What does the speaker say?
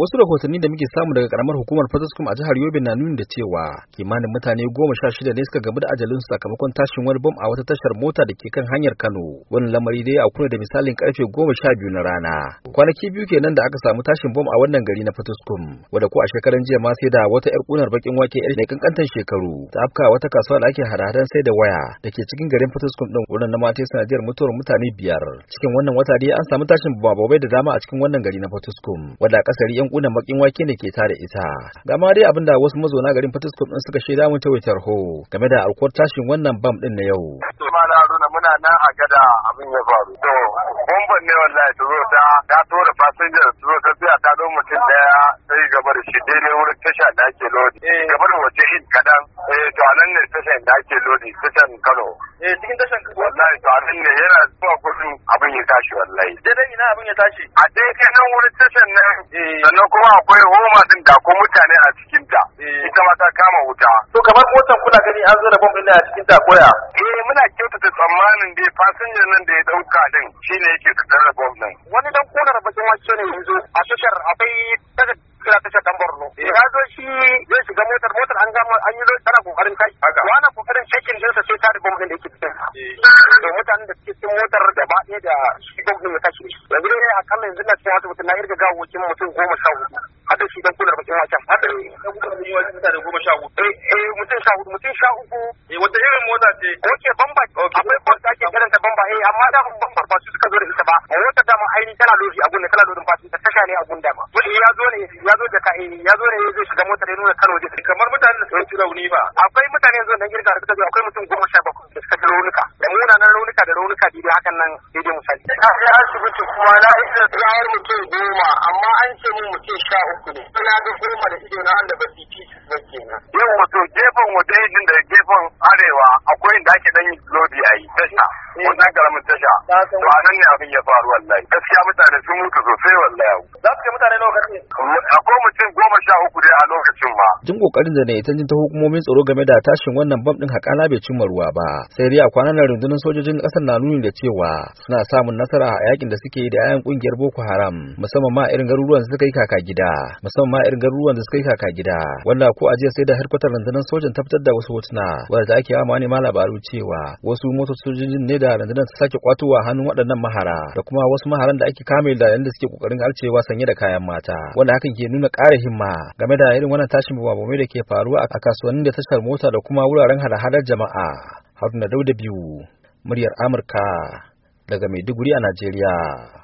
wasu rahotanni da muke samu daga karamar hukumar fataskum a jihar yobe na nuni da cewa kimanin mutane goma sha shida ne suka gamu da ajalin sakamakon tashin wani bom a wata tashar mota da ke kan hanyar kano wani lamari dai a kuna da misalin karfe goma sha biyu na rana kwanaki biyu nan da aka samu tashin bom a wannan gari na fataskum wadda ko a shekaran jiya ma sai da wata yar kunar bakin wake yar mai kankantan shekaru ta afka wata kasuwa da ake hada hadan sai da waya da ke cikin garin fataskum din wannan na mata sanadiyar mutuwar mutane biyar cikin wannan wata dai an samu tashin bababai da dama a cikin wannan gari na fataskum wadda kasari bakin kunan bakin wake ne ke tare ita ga ma dai abinda wasu mazauna garin Fatiskum din suka shaida mun ta waitar ho game da alkuwar tashin wannan bam din na yau to muna nan a gada abin ya faru to bomban ne wallahi to zo ta tafiya ta zo mutum daya sai gaba da shi daidai wurin tasha da ake lodi eh. gaba da wace hit kadan eh to anan ne tashan da ake lodi tashan Kano eh cikin tashan Kano wallahi to anan ne yana zuwa kudu abin ya tashi wallahi daidai ina abin ya tashi a daidai nan wurin tashan nan eh. sannan kuma akwai homa din da ko mutane a cikin ta Eh. ita ma ta kama wuta. To kamar motan kuna gani an zo da bom a cikin ta koya. Eh muna kyautata tsammanin dai fasinjan nan da ya ɗauka ɗin shine yake tattare da bom ɗin. Wani dan konar bakin wacce ne yanzu a tashar akwai tashar tashar dan Borno. Eh. Ya zo shi zai shiga motar motar an gama an yi cikin jinsa sai ta da gwamnati da yake cikin eh. da mutanen da suke cikin motar da ba ɗaya da shi gwamnati ya kashe yanzu dai a kallon yanzu na cikin asibiti na irga gawokin mutum goma sha hudu hada shi dan kular bakin wacan hada shi dan kular mutane goma sha hudu eh, eh mutum sha hudu mutum sha uku eh wata irin mota ce ok bamba akwai amma da ba su suka zo da ita ba a wata dama ainihin tana lodi a gunne tana ba fasinja tasha ne a gun dama wani ya zo ne ya zo da kai ya zo ne zai shiga motar ya nuna Kano dai kamar mutanen da suka ji rauni ba akwai mutane yanzu nan girka da suka zo akwai mutum goma sha bakwai da suka ji raunuka da munanan raunuka da raunuka dai hakan nan daidai misali na kai asibiti kuma na isa tsayar mutum goma amma an ce mun mutum sha uku ne na ga goma da ido na da ba su ci ba kenan yau mutum gefen wajen da gefen arewa akwai inda ake dan lodi ayi yi. wannan karamin tasha to a nan ne abin ya faru wallahi gaskiya mutane sun mutu sosai wallahi za su mutane nawa kace akwai mutum goma sha uku dai a lokacin ma jin kokarin da ne ita ta hukumomin tsoro game da tashin wannan bam din hakala bai cimma ruwa ba sai dai a kwanan nan rundunar sojojin kasar na nuni da cewa suna samun nasara a yakin da suke yi da yayan kungiyar Boko Haram musamman ma irin garuruwan da suka yi kaka gida musamman ma irin garuruwan da suka yi kaka gida wanda ko a sai da har rundunar sojan ta fitar da wasu hotuna wanda ake yawa ma labaru cewa wasu motocin sojojin ne da rundunar ta sake kwatowa hannun waɗannan mahara da kuma wasu maharan da ake kame da yanda suke kokarin arcewa sanye da kayan mata wanda hakan ke nuna ƙara himma game da irin wannan tashin bumabumai da ke faruwa a kasuwannin da tashar mota da kuma wuraren hada-hadar jama'a haruna dauda biyu muryar amurka daga maiduguri a najeriya